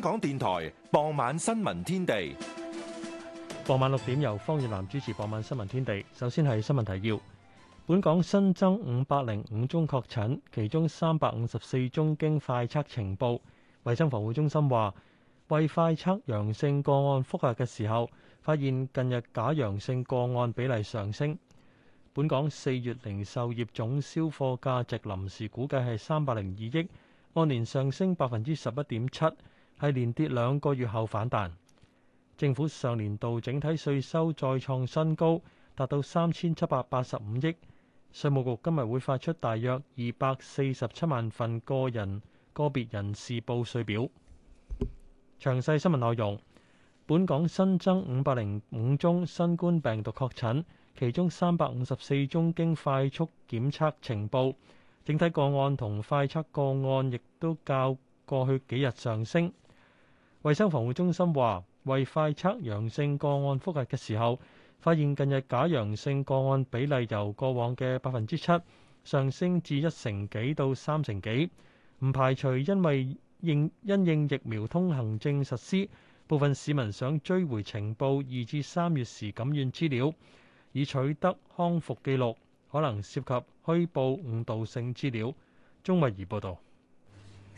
港電台傍晚新聞天地，傍晚六點由方月南主持。傍晚新聞天地，首先係新聞提要。本港新增五百零五宗確診，其中三百五十四宗經快測呈報。衛生防護中心話，為快測陽性個案複核嘅時候，發現近日假陽性個案比例上升。本港四月零售業總銷貨價值臨時估計係三百零二億，按年上升百分之十一點七。係連跌兩個月後反彈。政府上年度整體稅收再創新高，達到三千七百八十五億。稅務局今日會發出大約二百四十七萬份個人個別人士報稅表。詳細新聞內容：本港新增五百零五宗新冠病毒確診，其中三百五十四宗經快速檢測呈報。整體個案同快測個案亦都較過去幾日上升。衛生防護中心話，為快測陽性個案複核嘅時候，發現近日假陽性個案比例由過往嘅百分之七上升至一成幾到三成幾，唔排除因為應因，因應疫苗通行證實施，部分市民想追回情報二至三月時感染資料，以取得康復記錄，可能涉及虛報誤導性資料。鍾慧儀報導。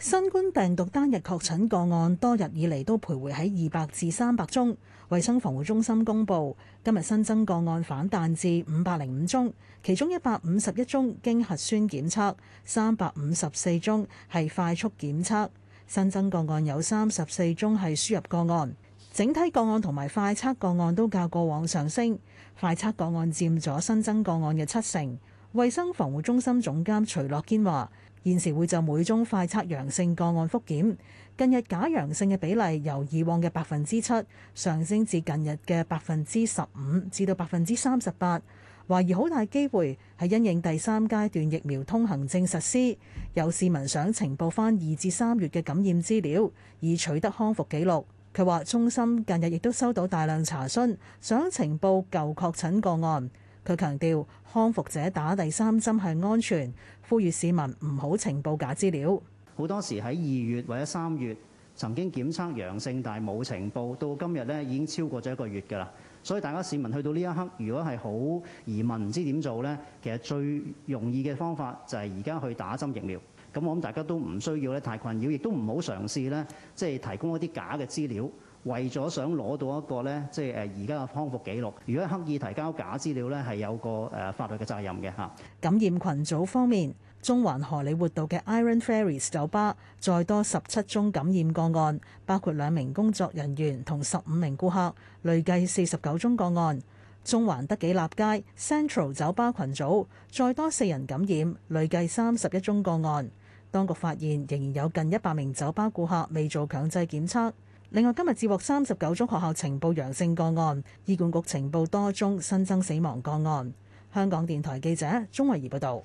新冠病毒單日確診個案多日以嚟都徘徊喺二百至三百宗，衛生防護中心公布今日新增個案反彈至五百零五宗，其中一百五十一宗經核酸檢測，三百五十四宗係快速檢測，新增個案有三十四宗係輸入個案，整體個案同埋快測個案都較過往上升，快測個案佔咗新增個案嘅七成。衛生防護中心總監徐樂堅話。現時會就每宗快測陽性個案復檢，近日假陽性嘅比例由以往嘅百分之七上升至近日嘅百分之十五至到百分之三十八。懷疑好大機會係因應第三階段疫苗通行證實施，有市民想呈報返二至三月嘅感染資料，以取得康復記錄。佢話中心近日亦都收到大量查詢，想呈報舊確診個案。佢強調康復者打第三針係安全，呼籲市民唔好呈報假資料。好多時喺二月或者三月曾經檢測陽性，但係冇呈報，到今日咧已經超過咗一個月㗎啦。所以大家市民去到呢一刻，如果係好疑問唔知點做咧，其實最容易嘅方法就係而家去打針疫苗。咁我諗大家都唔需要咧太困擾，亦都唔好嘗試咧即係提供一啲假嘅資料。為咗想攞到一個咧，即係誒而家嘅康復記錄。如果刻意提交假資料咧，係有個誒法律嘅責任嘅嚇。感染群組方面，中環荷里活道嘅 Iron Fairies 酒吧再多十七宗感染個案，包括兩名工作人員同十五名顧客，累計四十九宗個案。中環德己立街 Central 酒吧群組再多四人感染，累計三十一宗個案。當局發現仍然有近一百名酒吧顧客未做強制檢測。另外，今日接獲三十九宗學校情報陽性個案，醫管局情報多宗新增死亡個案。香港電台記者鍾慧儀報道，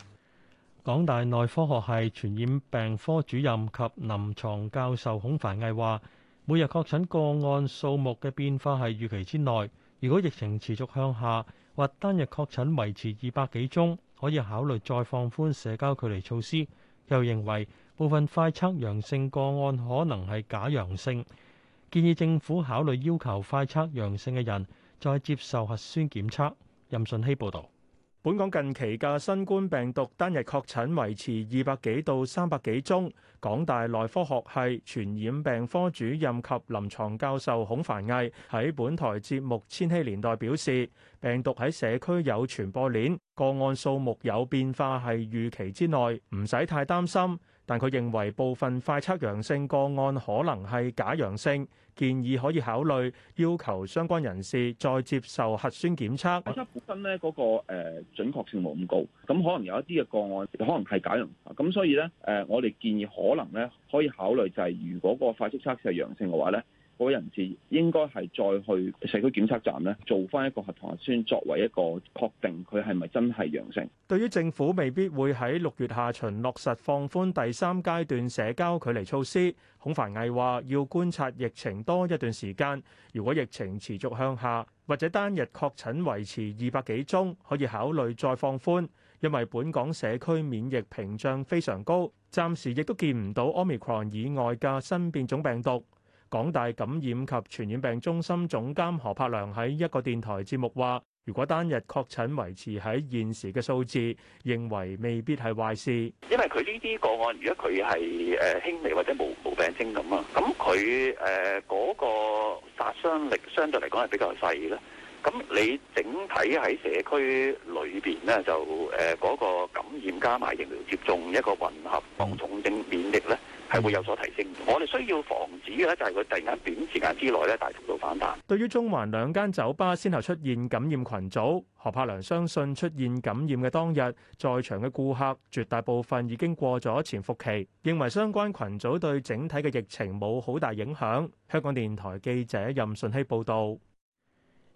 港大內科學系傳染病科主任及臨床教授孔凡毅話，每日確診個案數目嘅變化係預期之內。如果疫情持續向下或單日確診維持二百幾宗，可以考慮再放寬社交距離措施。又認為部分快測陽性個案可能係假陽性。建議政府考慮要求快測陽性嘅人再接受核酸檢測。任順希報導。本港近期嘅新冠病毒單日確診維持二百幾到三百幾宗。港大內科學系傳染病科主任及臨床教授孔凡毅喺本台節目《千禧年代》表示，病毒喺社區有傳播鏈，個案數目有變化係預期之內，唔使太擔心。但佢認為部分快測陽性個案可能係假陽性，建議可以考慮要求相關人士再接受核酸檢測。因為本身咧嗰個準確性冇咁高，咁可能有一啲嘅個案可能係假陽，咁所以咧誒，我哋建議可能咧可以考慮就係如果個快速測試係陽性嘅話咧。嗰人士應該係再去社區檢測站呢做翻一個核酸先作為一個確定，佢係咪真係陽性。對於政府未必會喺六月下旬落實放寬第三階段社交距離措施，孔繁毅話：要觀察疫情多一段時間。如果疫情持續向下，或者單日確診維持二百幾宗，可以考慮再放寬，因為本港社區免疫屏障非常高，暫時亦都見唔到 Omicron 以外嘅新變種病毒。港大感染及傳染病中心總監何柏良喺一個電台節目話，如果單日確診維持喺現時嘅數字，認為未必係壞事。因為，佢呢啲個案，如果佢係誒輕微，或者冇冇病徵咁啊，咁佢誒個殺傷力相對嚟講，係比較細啦。咁你整體喺社區裏邊咧，就誒個感染加埋疫苗接種一個混合防重症免疫咧。係會有所提升，我哋需要防止嘅咧就係佢突然間短時間之內咧，大幅度反彈。對於中環兩間酒吧先後出現感染群組，何柏良相信出現感染嘅當日，在場嘅顧客絕大部分已經過咗潛伏期，認為相關群組對整體嘅疫情冇好大影響。香港電台記者任順希報導。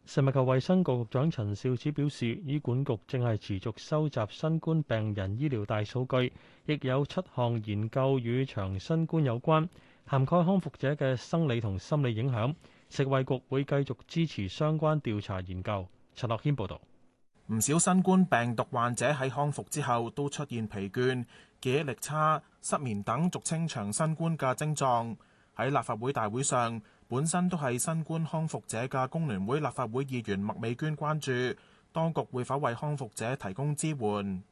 食物及衞生局局長陳肇始表示，醫管局正係持續收集新冠病人醫療大數據，亦有七項研究與長新冠有關，涵蓋康復者嘅生理同心理影響。食衛局會繼續支持相關調查研究。陳樂謙報道，唔少新冠病毒患者喺康復之後都出現疲倦、記憶力差、失眠等俗稱長新冠嘅症狀。喺立法會大會上，本身都係新冠康復者嘅工聯會立法會議員麥美娟關注，當局會否為康復者提供支援？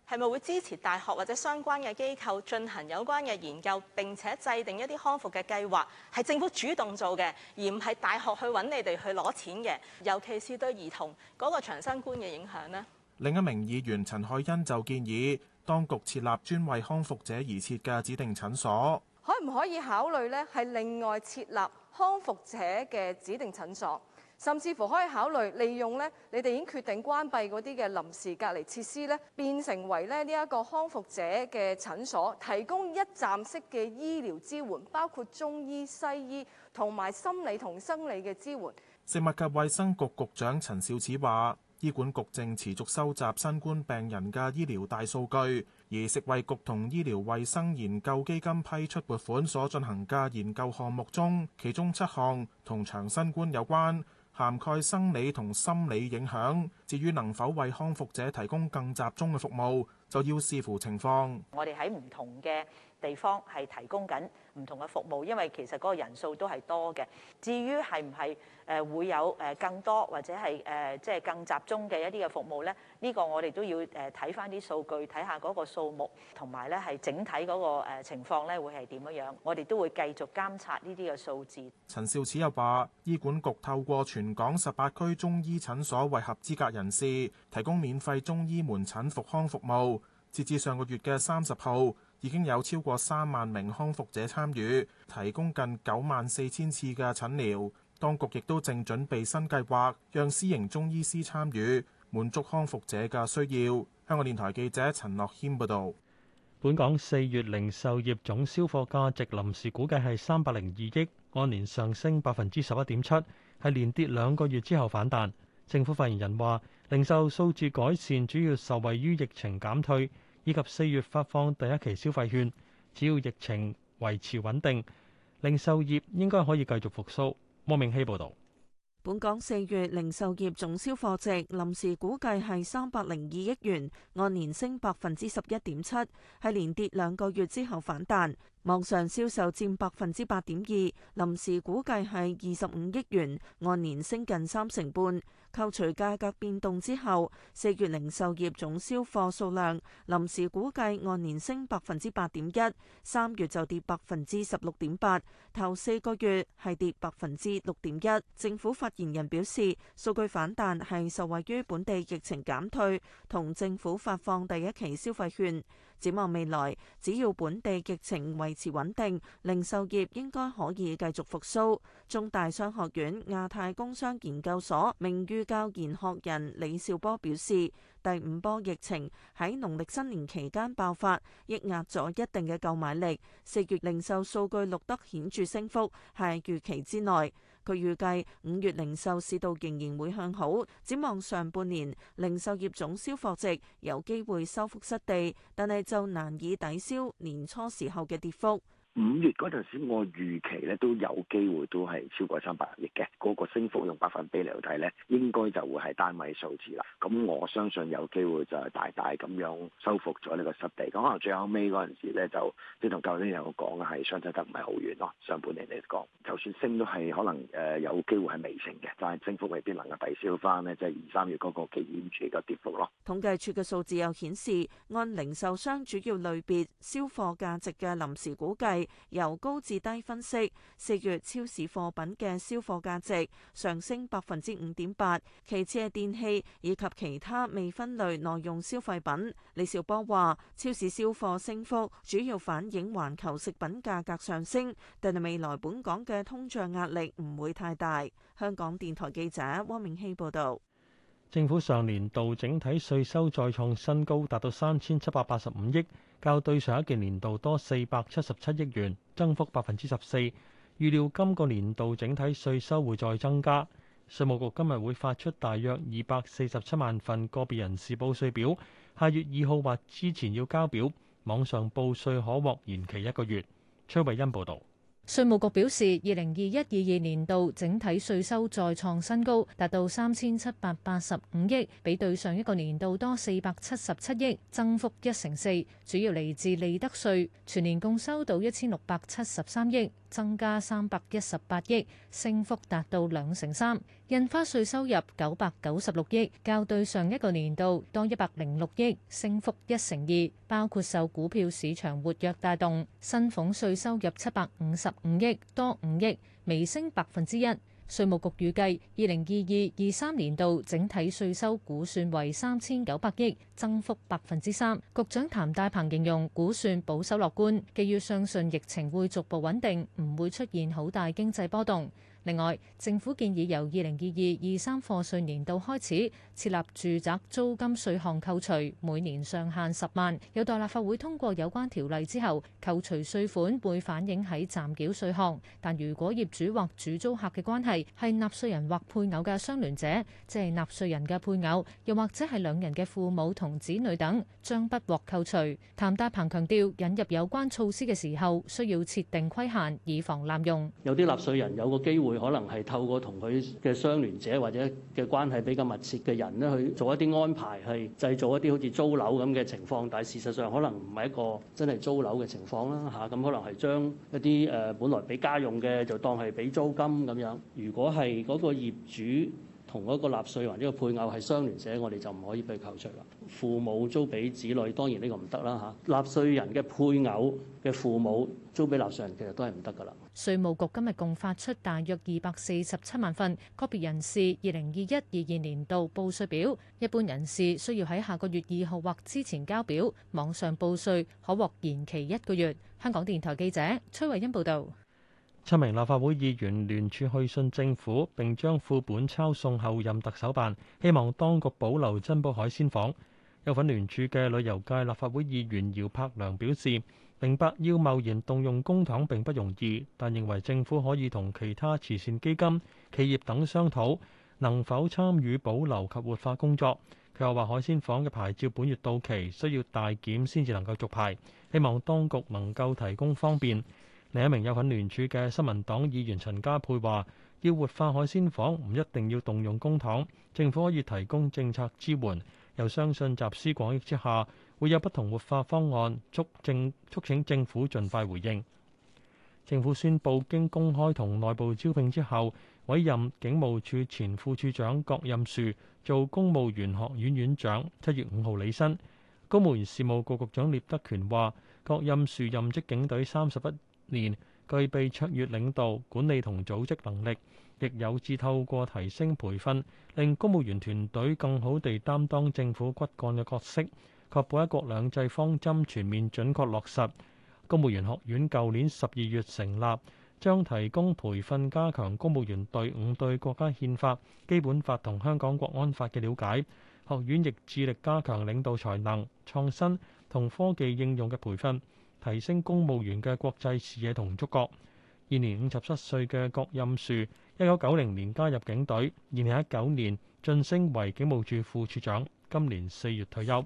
係咪會支持大學或者相關嘅機構進行有關嘅研究，並且制定一啲康復嘅計劃，係政府主動做嘅，而唔係大學去揾你哋去攞錢嘅。尤其是對兒童嗰個長新冠嘅影響呢？另一名議員陳凱欣就建議當局設立專為康復者而設嘅指定診所。可唔可以考慮呢？係另外設立康復者嘅指定診所，甚至乎可以考慮利用呢，你哋已經決定關閉嗰啲嘅臨時隔離設施呢，變成為咧呢一個康復者嘅診所，提供一站式嘅醫療支援，包括中醫、西醫同埋心理同生理嘅支援。食物及衛生局局局長陳肇始話，醫管局正持續收集新冠病人嘅醫療大數據。而食衛局同醫療衛生研究基金批出撥款所進行嘅研究項目中，其中七項同長新冠有關，涵蓋生理同心理影響。至於能否為康復者提供更集中嘅服務，就要視乎情況。我哋喺唔同嘅地方係提供緊唔同嘅服務，因為其實嗰個人數都係多嘅。至於係唔係誒會有誒更多或者係誒即係更集中嘅一啲嘅服務咧？呢個我哋都要誒睇翻啲數據，睇下嗰個數目同埋咧係整體嗰個誒情況咧會係點樣樣。我哋都會繼續監察呢啲嘅數字。陳肇始又話，醫管局透過全港十八區中醫診所為合資格人士提供免費中醫門診復康服務，截至上個月嘅三十號。已經有超過三萬名康復者參與，提供近九萬四千次嘅診療。當局亦都正準備新計劃，讓私營中醫師參與，滿足康復者嘅需要。香港電台記者陳樂軒報導。本港四月零售業總銷貨價值臨時估計係三百零二億，按年上升百分之十一點七，係連跌兩個月之後反彈。政府發言人話，零售數字改善主要受惠於疫情減退。以及四月發放第一期消費券，只要疫情維持穩定，零售業應該可以繼續復蘇。汪明希報道。本港四月零售業總銷貨值臨時估計係三百零二億元，按年升百分之十一點七，係連跌兩個月之後反彈。網上銷售佔百分之八點二，臨時估計係二十五億元，按年升近三成半。扣除價格變動之後，四月零售業總銷貨數量臨時估計按年升百分之八點一，三月就跌百分之十六點八，頭四個月係跌百分之六點一。政府發言人表示，數據反彈係受惠於本地疫情減退，同政府發放第一期消費券。展望未來，只要本地疫情維持穩定，零售業應該可以繼續復甦。中大商學院亞太工商研究所名譽教研學人李兆波表示，第五波疫情喺農曆新年期間爆發，抑壓咗一定嘅購買力，四月零售數據錄得顯著升幅係預期之內。佢預計五月零售市道仍然會向好，展望上半年零售業總銷貨值有機會收復失地，但係就難以抵消年初時候嘅跌幅。五月嗰陣時，我預期咧都有機會都係超過三百億嘅。嗰個升幅用百分比嚟睇咧，應該就會係單位數字啦。咁我相信有機會就係大大咁樣收復咗呢個失地。咁可能最後尾嗰陣時咧，就即同舊年有講係相差得唔係好遠咯。上半年嚟講，就算升都係可能誒有機會係微升嘅，但係升幅未必能夠抵消翻呢。即係二三月嗰個極端主嘅跌幅咯。統計處嘅數字又顯示，按零售商主要類別銷貨價值嘅臨時估計。由高至低分析，四月超市貨品嘅銷貨價值上升百分之五點八，其次係電器以及其他未分類耐用消費品。李兆波話，超市銷貨升幅主要反映環球食品價格上升，但係未來本港嘅通脹壓力唔會太大。香港電台記者汪明希報道。政府上年度整體稅收再創新高，達到三千七百八十五億，較對上一件年度多四百七十七億元，增幅百分之十四。預料今個年度整體稅收會再增加。稅務局今日會發出大約二百四十七萬份個別人士報稅表，下月二號或之前要交表。網上報稅可獲延期一個月。崔慧欣報道。稅務局表示，二零二一二二年度整體稅收再創新高，達到三千七百八十五億，比對上一個年度多四百七十七億，增幅一成四，主要嚟自利得稅，全年共收到一千六百七十三億。增加三百一十八億升幅達到兩成三。印花稅收入九百九十六億較對上一個年度多一百零六億升幅一成二。包括受股票市場活躍帶動薪俸稅收入七百五十五億多五億微升百分之一。稅務局預計，二零二二、二三年度整體稅收估算為三千九百億，增幅百分之三。局長譚大鵬形容估算保守樂觀，基於相信疫情會逐步穩定，唔會出現好大經濟波動。另外，政府建議由二零二二二三課稅年度開始設立住宅租金稅項扣除，每年上限十萬。有待立法會通過有關條例之後，扣除稅款會反映喺暫繳稅項。但如果業主或主租客嘅關係係納稅人或配偶嘅相聯者，即係納稅人嘅配偶，又或者係兩人嘅父母同子女等，將不獲扣除。譚大鵬強調，引入有關措施嘅時候，需要設定規限，以防濫用。有啲納稅人有個機會，可能係透過同佢嘅相聯者或者嘅關係比較密切嘅人咧，去做一啲安排，去製造一啲好似租樓咁嘅情況，但係事實上可能唔係一個真係租樓嘅情況啦，嚇、啊、咁可能係將一啲誒、呃、本來俾家用嘅就當係俾租金咁樣。如果係嗰個業主同嗰個納稅人呢個配偶係相聯者，我哋就唔可以被扣除啦。父母租俾子女當然呢個唔得啦，嚇、啊、納稅人嘅配偶嘅父母租俾納稅人其實都係唔得㗎啦。稅務局今日共發出大約二百四十七萬份個別人士二零二一、二二年度報稅表，一般人士需要喺下個月二號或之前交表，網上報稅可獲延期一個月。香港電台記者崔慧欣報道。七名立法會議員聯署去信政府，並將副本抄送候任特首辦，希望當局保留珍寶海鮮舫。有份聯署嘅旅遊界立法會議員姚柏良表示。明白要貿然動用公帑並不容易，但認為政府可以同其他慈善基金、企業等商討能否參與保留及活化工作。佢又話海鮮坊嘅牌照本月到期，需要大檢先至能夠續牌，希望當局能夠提供方便。另一名有份聯署嘅新民黨議員陳家佩話要活化海鮮坊，唔一定要動用公帑，政府可以提供政策支援，又相信集思廣益之下。會有不同活化方案，促政促請政府盡快回應。政府宣布經公開同內部招聘之後，委任警務處前副處長郭任樹做公務員學院院長，七月五號履新。公務員事務局局長聶德權話，郭任樹任職警隊三十一年，具備卓越領導、管理同組織能力，亦有志透過提升培訓，令公務員團隊更好地擔當政府骨幹嘅角色。確保一國兩制方針全面準確落實。公務員學院舊年十二月成立，將提供培訓，加強公務員隊伍對國家憲法、基本法同香港國安法嘅了解。學院亦致力加強領導才能、創新同科技應用嘅培訓，提升公務員嘅國際視野同觸覺。現年五十七歲嘅郭任樹，一九九零年加入警隊，二零一九年晉升為警務處副處長，今年四月退休。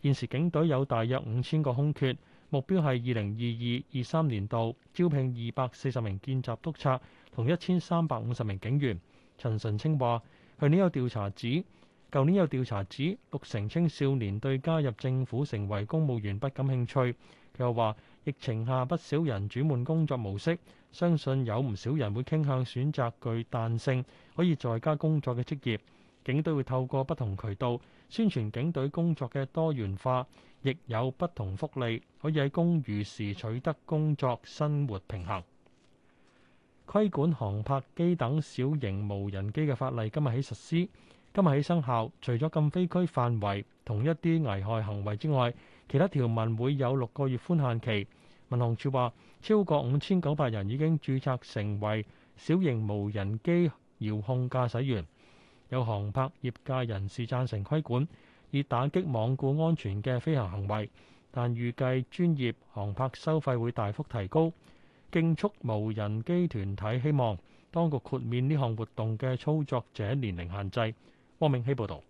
現時警隊有大約五千個空缺，目標係二零二二二三年度招聘二百四十名見習督，督察同一千三百五十名警員。陳純清話：去年有調查指，舊年有調查指六成青少年對加入政府成為公務員不感興趣。佢又話疫情下不少人轉換工作模式，相信有唔少人會傾向選擇具彈性可以在家工作嘅職業。警隊會透過不同渠道，宣傳警隊工作嘅多元化，亦有不同福利，可以喺公餘時取得工作生活平衡。規管航拍機等小型無人機嘅法例今日起實施，今日起生效。除咗禁飛區範圍同一啲危害行為之外，其他條文會有六個月寬限期。民航處話，超過五千九百人已經註冊成為小型無人機遙控駕駛員。有航拍業界人士贊成規管，以打擊罔顧安全嘅飛行行為，但預計專業航拍收費會大幅提高。競速無人機團體希望當局豁免呢項活動嘅操作者年齡限制。汪明熙報導。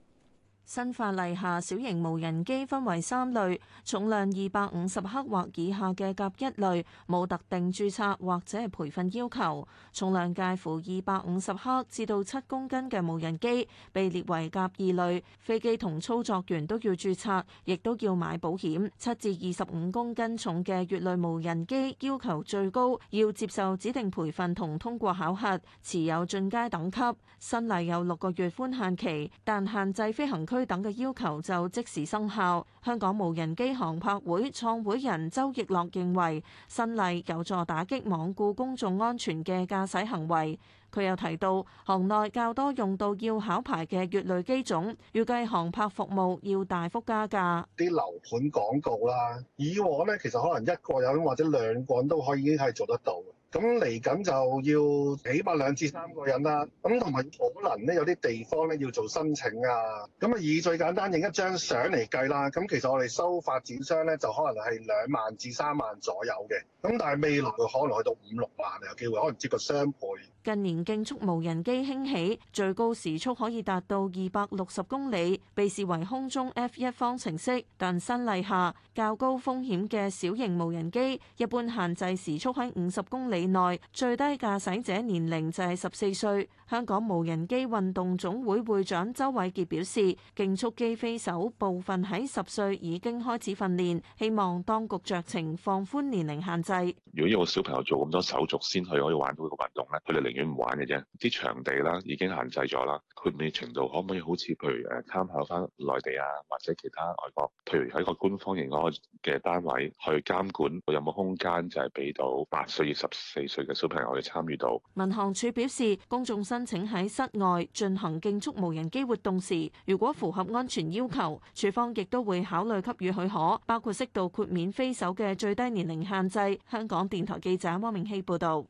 新法例下，小型無人機分為三類，重量二百五十克或以下嘅甲一類，冇特定注冊或者係培訓要求；重量介乎二百五十克至到七公斤嘅無人機，被列為甲二類，飛機同操作員都要注冊，亦都要買保險，七至二十五公斤重嘅乙類無人機要求最高，要接受指定培訓同通過考核，持有進階等級，新例有六個月寬限期，但限制飛行區。等嘅要求就即時生效。香港無人機航拍會創會人周奕樂認為，新例有助打擊罔顧公眾安全嘅駕駛行為。佢又提到，行內較多用到要考牌嘅乙類機種，預計航拍服務要大幅加價。啲樓盤廣告啦，以往咧，其實可能一個人或者兩個人都可以已經係做得到。咁嚟緊就要起碼兩至三個人啦，咁同埋可能咧有啲地方咧要做申請啊，咁啊以最簡單影一張相嚟計啦，咁其實我哋收發展商咧就可能係兩萬至三萬左右嘅，咁但係未來可能去到五六萬有機會，可能接個雙倍。近年競速無人機興起，最高時速可以達到二百六十公里，被視為空中 F1 方程式，但新例下較高風險嘅小型無人機，一般限制時速喺五十公里。內最低駕駛者年齡就係十四歲。香港無人機運動總會會長周偉傑表示，競速機飛手部分喺十歲已經開始訓練，希望當局酌情放寬年齡限制。如果要個小朋友做咁多手續先去可以玩到呢個運動咧，佢哋寧願唔玩嘅啫。啲場地啦已經限制咗啦，佢未程度可唔可以好似譬如誒參考翻內地啊或者其他外國，譬如喺個官方型嘅單位去監管，有冇空間就係俾到八歲至十四歲嘅小朋友可以參與到。民航處表示，公眾申請喺室外進行競速無人機活動時，如果符合安全要求，處方亦都會考慮給予許可，包括適度豁免飛手嘅最低年齡限制。香港電台記者汪明熙報導。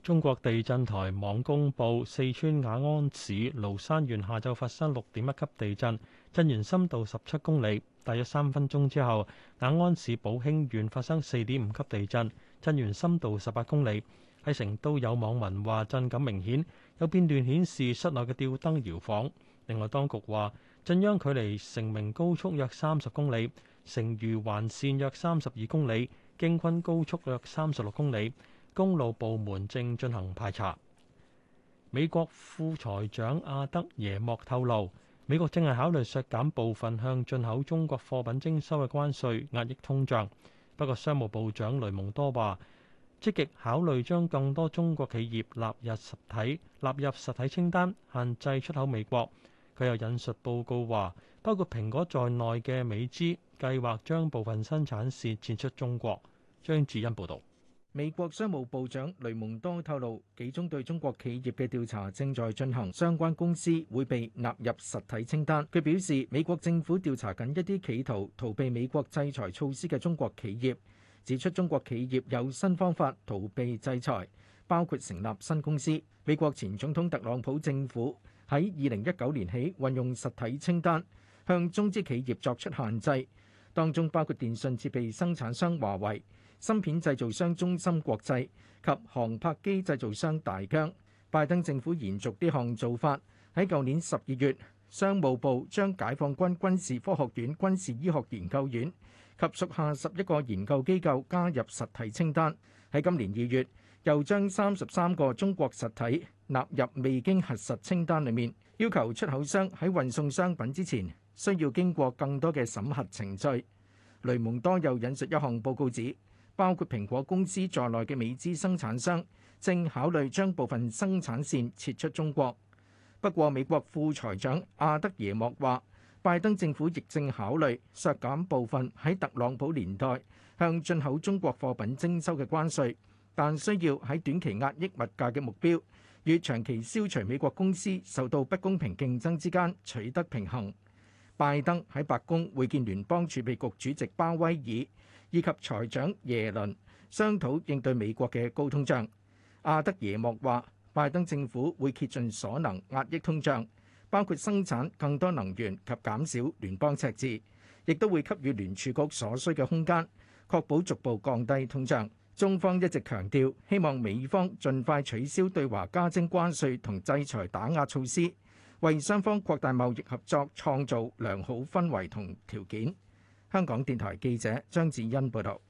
中國地震台網公布，四川雅安市蘆山縣下晝發生六點一級地震，震源深度十七公里。大約三分鐘之後，雅安市寶興縣發生四點五級地震。震源深度十八公里，喺成都有網民話震感明顯，有片段顯示室內嘅吊燈搖晃。另外，當局話震央距離成名高速約三十公里，成渝環線約三十二公里，京昆高速約三十六公里。公路部門正進行排查。美國副財長阿德耶莫透露，美國正係考慮削減部分向進口中國貨品徵收嘅關稅，壓抑通脹。不過，商務部長雷蒙多話，積極考慮將更多中國企業納入實體，納入實體清單，限制出口美國。佢又引述報告話，包括蘋果在內嘅美資計劃將部分生產線撤出中國。張志欣報道。美國商務部長雷蒙多透露，幾宗對中國企業嘅調查正在進行，相關公司會被納入實體清單。佢表示，美國政府調查緊一啲企圖逃避美國制裁措施嘅中國企業，指出中國企業有新方法逃避制裁，包括成立新公司。美國前總統特朗普政府喺二零一九年起運用實體清單，向中資企業作出限制，當中包括電信設備生產商華為。芯片製造商中芯國際及航拍機製造商大疆，拜登政府延續呢項做法。喺舊年十二月，商務部將解放軍軍事科學院、軍事醫學研究院及屬下十一個研究機構加入實體清單。喺今年二月，又將三十三個中國實體納入未經核實清單裏面，要求出口商喺運送商品之前需要經過更多嘅審核程序。雷蒙多又引述一項報告指：包括蘋果公司在內嘅美資生產商正考慮將部分生產線撤出中國。不過，美國副財長阿德耶莫話，拜登政府亦正考慮削減部分喺特朗普年代向進口中國貨品徵收嘅關稅，但需要喺短期壓抑物價嘅目標與長期消除美國公司受到不公平競爭之間取得平衡。拜登喺白宮會見聯邦儲備局主席鮑威爾。以及財長耶倫商討應對美國嘅高通脹。阿德耶莫話：拜登政府會竭盡所能壓抑通脹，包括生產更多能源及減少聯邦赤字，亦都會給予聯儲局所需嘅空間，確保逐步降低通脹。中方一直強調，希望美方盡快取消對華加徵關稅同制裁打壓措施，為雙方擴大貿易合作創造良好氛圍同條件。香港電台記者張子欣報道，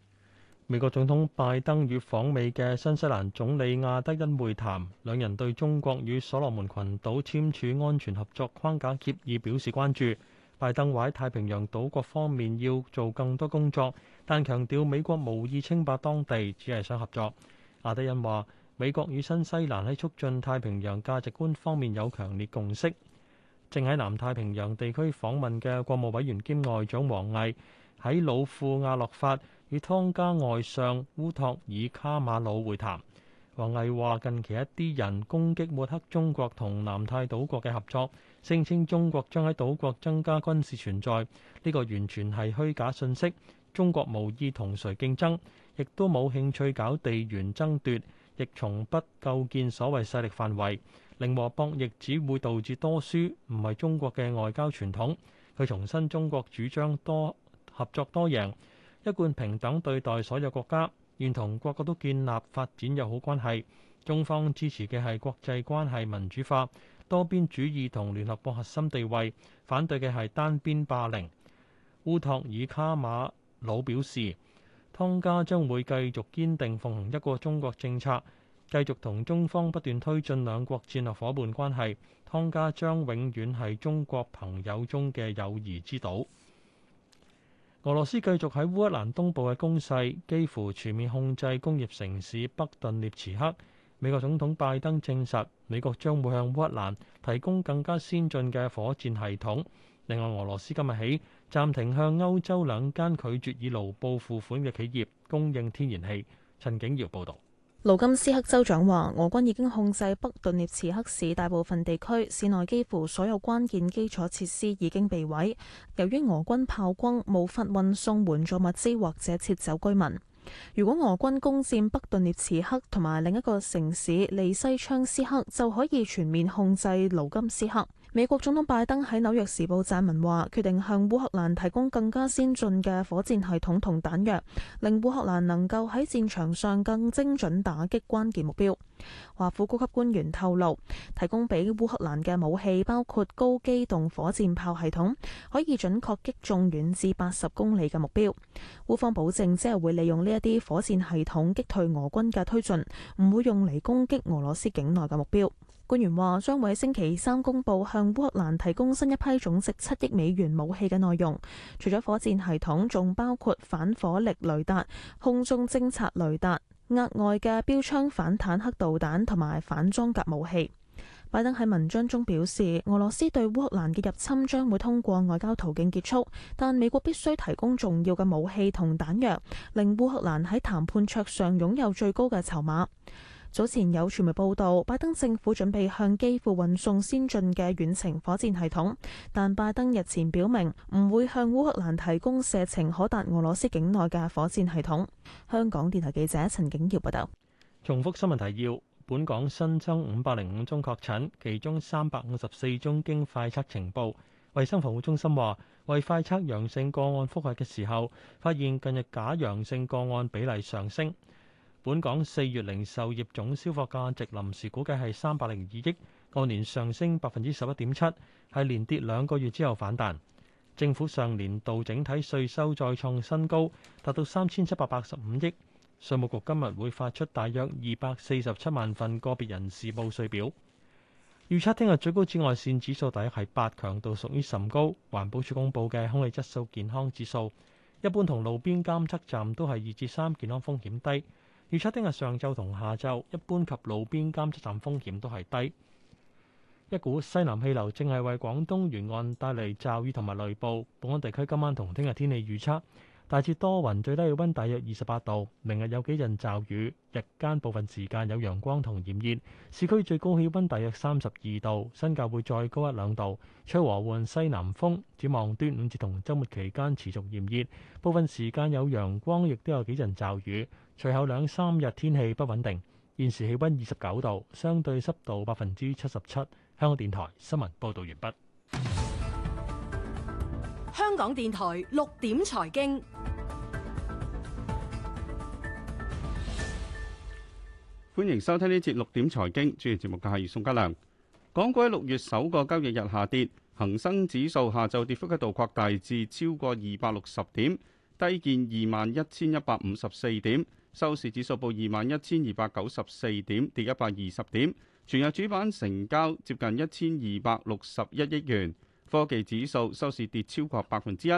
美國總統拜登與訪美嘅新西蘭總理阿德恩會談，兩人對中國與所羅門群島簽署安全合作框架協議表示關注。拜登話喺太平洋島國方面要做更多工作，但強調美國無意稱霸當地，只係想合作。阿德恩話，美國與新西蘭喺促進太平洋價值觀方面有強烈共識。正喺南太平洋地區訪問嘅國務委員兼外長王毅喺老庫亞洛法與湯加外相烏托爾卡馬魯會談。王毅話：近期一啲人攻擊抹黑中國同南太島國嘅合作，聲稱中國將喺島國增加軍事存在，呢個完全係虛假信息。中國無意同誰競爭，亦都冇興趣搞地緣爭奪，亦從不構建所謂勢力範圍。零和博弈只會導致多輸，唔係中國嘅外交傳統。佢重申中國主張多合作、多贏，一貫平等對待所有國家，願同各國都建立發展友好關係。中方支持嘅係國際關係民主化、多邊主義同聯合國核心地位，反對嘅係單邊霸凌。烏托爾卡馬魯表示，湯加將會繼續堅定奉行一個中國政策。繼續同中方不斷推進兩國戰略夥伴關係，湯加將永遠係中國朋友中嘅友誼之島。俄羅斯繼續喺烏克蘭東部嘅攻勢，幾乎全面控制工業城市北頓涅茨克。美國總統拜登證實，美國將會向烏克蘭提供更加先進嘅火箭系統。另外，俄羅斯今日起暫停向歐洲兩間拒絕以盧布付款嘅企業供應天然氣。陳景堯報道。盧金斯克州長話：俄軍已經控制北頓涅茨克市大部分地區，市內幾乎所有關鍵基礎設施已經被毀。由於俄軍炮轟，無法運送援助物資或者撤走居民。如果俄軍攻佔北頓涅茨克同埋另一個城市利西昌斯克，就可以全面控制盧金斯克。美國總統拜登喺紐約時報撰文話，決定向烏克蘭提供更加先進嘅火箭系統同彈藥，令烏克蘭能夠喺戰場上更精準打擊關鍵目標。華府高級官員透露，提供俾烏克蘭嘅武器包括高機動火箭炮系統，可以準確擊中遠至八十公里嘅目標。烏方保證，即係會利用呢一啲火箭系統擊退俄軍嘅推進，唔會用嚟攻擊俄羅斯境內嘅目標。官員話將會喺星期三公佈向烏克蘭提供新一批總值七億美元武器嘅內容，除咗火箭系統，仲包括反火力雷達、空中偵察雷達、額外嘅標槍反坦克導彈同埋反裝甲武器。拜登喺文章中表示，俄羅斯對烏克蘭嘅入侵將會通過外交途徑結束，但美國必須提供重要嘅武器同彈藥，令烏克蘭喺談判桌上擁有最高嘅籌碼。早前有傳媒報道，拜登政府準備向基輔運送先進嘅遠程火箭系統，但拜登日前表明唔會向烏克蘭提供射程可達俄羅斯境內嘅火箭系統。香港電台記者陳景耀報道。重複新聞提要：本港新增五百零五宗確診，其中三百五十四宗經快測呈報。衛生防護中心話，為快測陽性個案複核嘅時候，發現近日假陽性個案比例上升。本港四月零售業總銷貨價值臨時估計係三百零二億，按年上升百分之十一點七，係連跌兩個月之後反彈。政府上年度整體稅收再創新高，達到三千七百八十五億。稅務局今日會發出大約二百四十七萬份個別人士報稅表。預測聽日最高紫外線指數大約係八強度，屬於甚高。環保署公布嘅空氣質素健康指數，一般同路邊監測站都係二至三，健康風險低。預測聽日上晝同下晝一般及路邊監測站風險都係低。一股西南氣流正係為廣東沿岸帶嚟驟雨同埋雷暴。本港地區今晚同聽日天氣預測大致多雲，最低氣溫大約二十八度。明日有幾陣驟雨，日間部分時間有陽光同炎熱，市區最高氣溫大約三十二度，新界會再高一兩度。吹和緩西南風，展望端午節同周末期間持續炎熱，部分時間有陽光，亦都有幾陣驟雨。隨後兩三日天氣不穩定，現時氣溫二十九度，相對濕度百分之七十七。香港電台新聞報道完畢。香港電台六點財經，歡迎收聽呢節六點財經，主持節目嘅係宋嘉良。港股喺六月首個交易日下跌，恒生指數下晝跌幅一度擴大至超過二百六十點，低見二萬一千一百五十四點。收市指數報二萬一千二百九十四點，跌一百二十點。全日主板成交接近一千二百六十一億元。科技指數收市跌超過百分之一。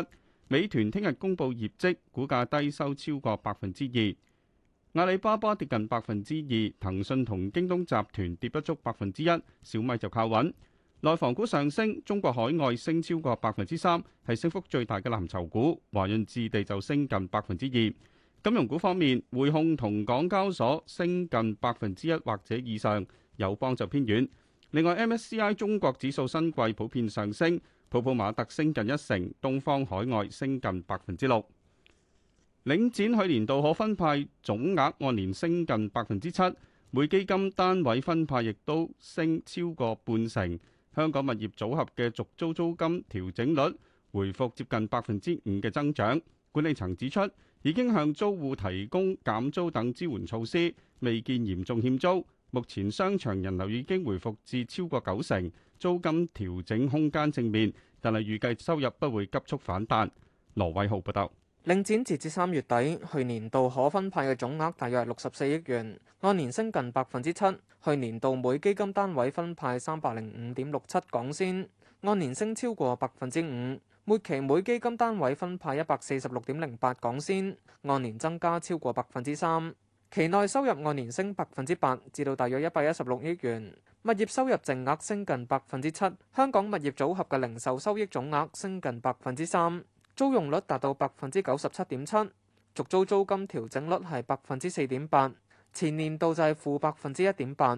美團聽日公布業績，股價低收超過百分之二。阿里巴巴跌近百分之二，騰訊同京東集團跌不足百分之一，小米就靠穩。內房股上升，中國海外升超過百分之三，係升幅最大嘅藍籌股。華潤置地就升近百分之二。金融股方面，匯控同港交所升近百分之一或者以上，友邦就偏軟。另外，MSCI 中國指數新季普遍上升，普普馬特升近一成，東方海外升近百分之六。領展去年度可分派總額按年升近百分之七，每基金單位分派亦都升超過半成。香港物業組合嘅續租租金調整率回復接近百分之五嘅增長。管理層指出。已經向租戶提供減租等支援措施，未見嚴重欠租。目前商場人流已經回復至超過九成，租金調整空間正面，但係預計收入不會急速反彈。羅偉浩報道。領展截至三月底，去年度可分派嘅總額大約係六十四億元，按年升近百分之七。去年度每基金單位分派三百零五點六七港仙，按年升超過百分之五。末期每基金單位分派一百四十六點零八港仙，按年增加超過百分之三。期內收入按年升百分之八，至到大約一百一十六億元。物業收入淨額升近百分之七，香港物業組合嘅零售收益總額升近百分之三。租用率達到百分之九十七點七，續租租金調整率係百分之四點八，前年度就係負百分之一點八。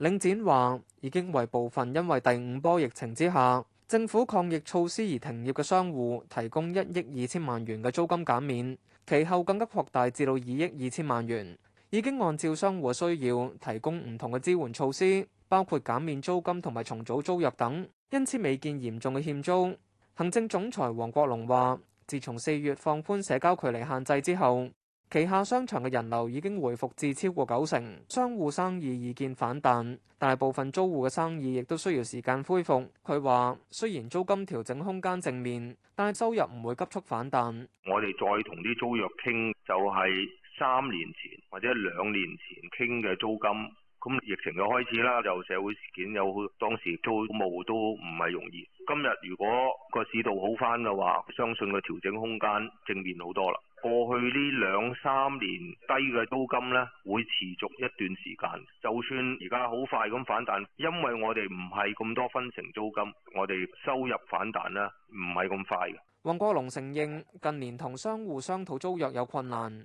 領展話已經為部分因為第五波疫情之下政府抗疫措施而停業嘅商戶提供一億二千萬元嘅租金減免，其後更加擴大至到二億二千萬元。已經按照商戶嘅需要提供唔同嘅支援措施，包括減免租金同埋重組租約等，因此未見嚴重嘅欠租。行政總裁王國龍話，自從四月放寬社交距離限制之後。旗下商場嘅人流已經回復至超過九成，商戶生意已見反彈，但係部分租戶嘅生意亦都需要時間恢復。佢話：雖然租金調整空間正面，但係收入唔會急速反彈。我哋再同啲租約傾，就係、是、三年前或者兩年前傾嘅租金。咁疫情又開始啦，又社會事件有，好當時租務，務都唔係容易。今日如果個市道好返嘅話，相信個調整空間正面好多啦。過去呢兩三年低嘅租金呢，會持續一段時間。就算而家好快咁反彈，因為我哋唔係咁多分成租金，我哋收入反彈呢，唔係咁快嘅。黃國龍承認近年同商戶商討租約有困難。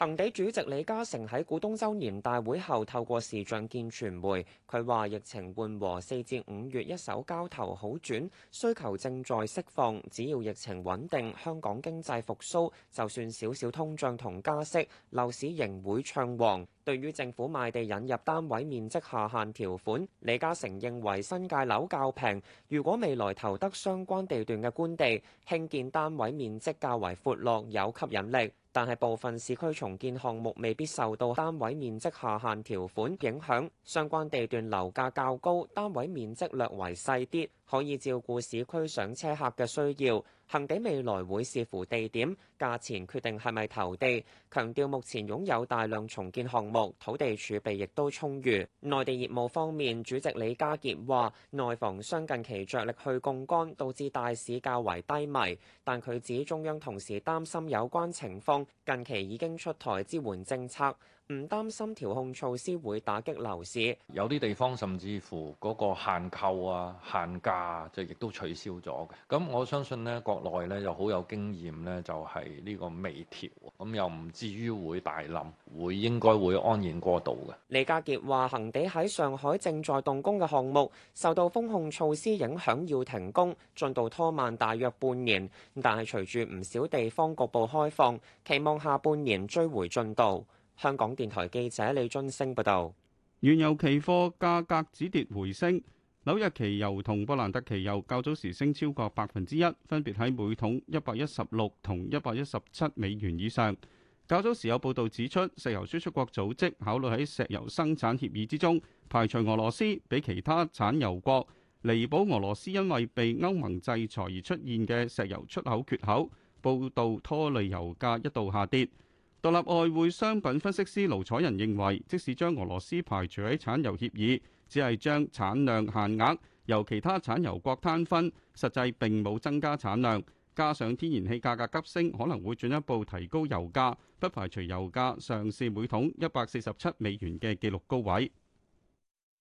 恒地主席李嘉誠喺股東周年大會後，透過視像見傳媒，佢話疫情緩和，四至五月一手交投好轉，需求正在釋放。只要疫情穩定，香港經濟復甦，就算少少通脹同加息，樓市仍會暢旺。對於政府賣地引入單位面積下限條款，李嘉誠認為新界樓較平，如果未來投得相關地段嘅官地，興建單位面積較為闊落，有吸引力。但係部分市區重建項目未必受到單位面積下限條款影響，相關地段樓價較高，單位面積略為細啲。可以照顧市區上車客嘅需要，恆地未來會視乎地點價錢，決定係咪投地。強調目前擁有大量重建項目，土地儲備亦都充裕。內地業務方面，主席李家傑話：內房商近期着力去槓桿，導致大市較為低迷。但佢指中央同時擔心有關情況，近期已經出台支援政策。唔擔心調控措施會打擊樓市，有啲地方甚至乎嗰個限購啊、限價啊，就亦都取消咗嘅。咁我相信呢國內呢又好有經驗呢，就係呢個微調，咁又唔至於會大冧，會應該會安然過渡嘅。李家傑話，恒地喺上海正在動工嘅項目受到封控措施影響，要停工，進度拖慢大約半年。但係隨住唔少地方局部開放，期望下半年追回進度。香港電台記者李俊升報道，原油期貨價格止跌回升，紐約期油同布蘭特期油較早時升超過百分之一，分別喺每桶一百一十六同一百一十七美元以上。較早時有報道指出，石油輸出國組織考慮喺石油生產協議之中排除俄羅斯，俾其他產油國彌補俄羅斯因為被歐盟制裁而出現嘅石油出口缺口。報道拖累油價一度下跌。獨立外匯商品分析師盧彩仁認為，即使將俄羅斯排除喺產油協議，只係將產量限額由其他產油國攤分，實際並冇增加產量。加上天然氣價格急升，可能會進一步提高油價，不排除油價上市每桶一百四十七美元嘅紀錄高位。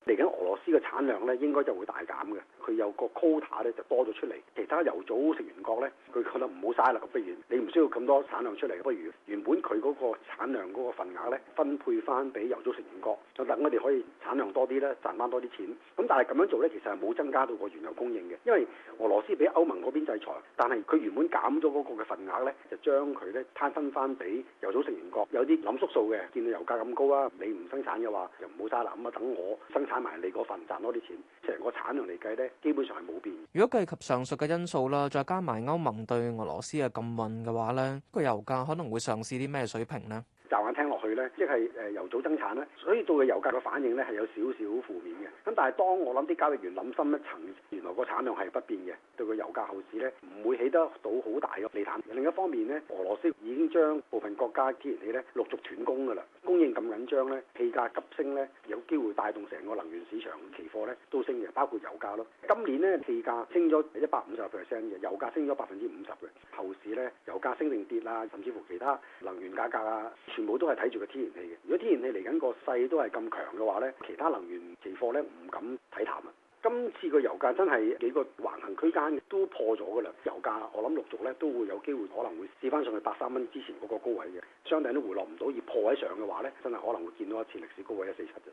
嚟緊俄羅斯嘅產量咧，應該就會大減嘅。佢有個 quota 咧，就多咗出嚟，其他油組成員國呢，佢覺得唔好嘥啦，不如你唔需要咁多產量出嚟，不如原本佢嗰個產量嗰個份額呢，分配翻俾油組成員國，就等我哋可以產量多啲呢，賺翻多啲錢。咁但係咁樣做呢，其實係冇增加到個原油供應嘅，因為俄羅斯俾歐盟嗰邊制裁，但係佢原本減咗嗰個嘅份額呢，就將佢呢攤分翻俾油組成員國。有啲諗縮數嘅，見到油價咁高啊，你唔生產嘅話又唔好嘥啦，咁、嗯、啊，等我生產埋你嗰份賺多啲錢，即係個產量嚟計呢。基本上係冇變。如果計及上述嘅因素啦，再加埋歐盟對俄羅斯嘅禁運嘅話咧，個油價可能會上試啲咩水平咧？驟眼聽落去呢，即係誒，油組增產呢，所以對個油價嘅反應呢，係有少少負面嘅。咁但係當我諗啲交易員諗深一層，原來個產量係不變嘅，對個油價後市呢，唔會起得到好大嘅利淡。另一方面呢，俄羅斯已經將部分國家天然氣呢陸續斷供㗎啦，供應咁緊張呢，氣價急升呢，有機會帶動成個能源市場期貨呢都升嘅，包括油價咯。今年呢，氣價升咗一百五十 percent 嘅，油價升咗百分之五十嘅，後市呢，油價升定跌啊，甚至乎其他能源價格啊。全部都係睇住個天然氣嘅。如果天然氣嚟緊個勢都係咁強嘅話呢，其他能源期貨呢唔敢睇淡啊！今次個油價真係幾個橫行區間都破咗噶啦，油價我諗陸續呢都會有機會可能會試翻上去八三蚊之前嗰個高位嘅，相對都回落唔到而破位上嘅話呢，真係可能會見到一次歷史高位一四七啫。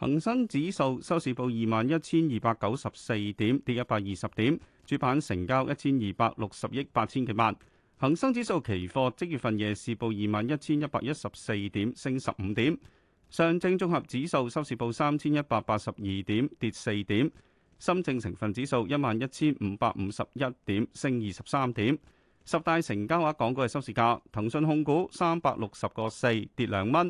恆生指數收市報二萬一千二百九十四點，跌一百二十點，主板成交一千二百六十億八千幾萬。恆生指數期貨即月份夜市報二萬一千一百一十四點，升十五點。上證綜合指數收市報三千一百八十二點，跌四點。深證成分指數一萬一千五百五十一點，升二十三點。十大成交額港股嘅收市價：騰訊控股三百六十個四，跌兩蚊；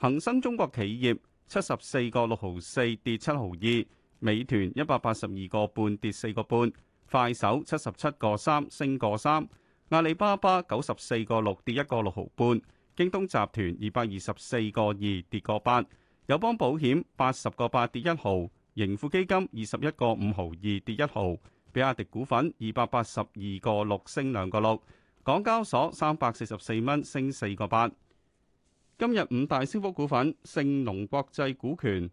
恆生中國企業七十四個六毫四，64，跌七毫二；美團一百八十二個半，跌四個半；快手七十七個三，升個三。阿里巴巴九十四個六跌一個六毫半，京東集團二百二十四個二跌個八，友邦保險八十個八跌一毫，盈富基金二十一個五毫二跌一毫，比亞迪股份二百八十二個六升兩個六，港交所三百四十四蚊升四個八。今日五大升幅股份，盛隆國際股權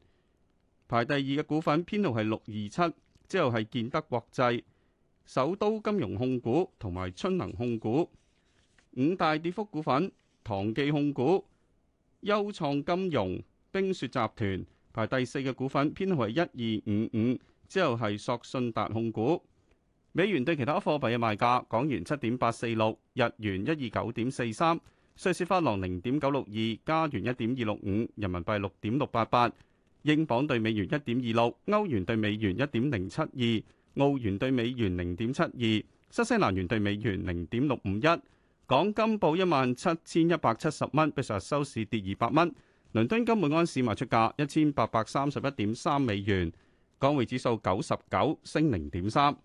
排第二嘅股份編號係六二七，之後係建德國際。首都金融控股同埋春能控股。五大跌幅股份，唐記控股、優創金融、冰雪集團排第四嘅股份，編號為一二五五，之後係索信達控股。美元對其他貨幣嘅賣價：港元七點八四六，日元一二九點四三，瑞士法郎零點九六二，加元一點二六五，人民幣六點六八八，英鎊兌美元一點二六，歐元兌美元一點零七二。澳元兌美元零點七二，新西蘭元兌美元零點六五一，港金報一萬七千一百七十蚊，比上日收市跌二百蚊。倫敦金每安士賣出價一千八百三十一點三美元，港匯指數九十九升零點三。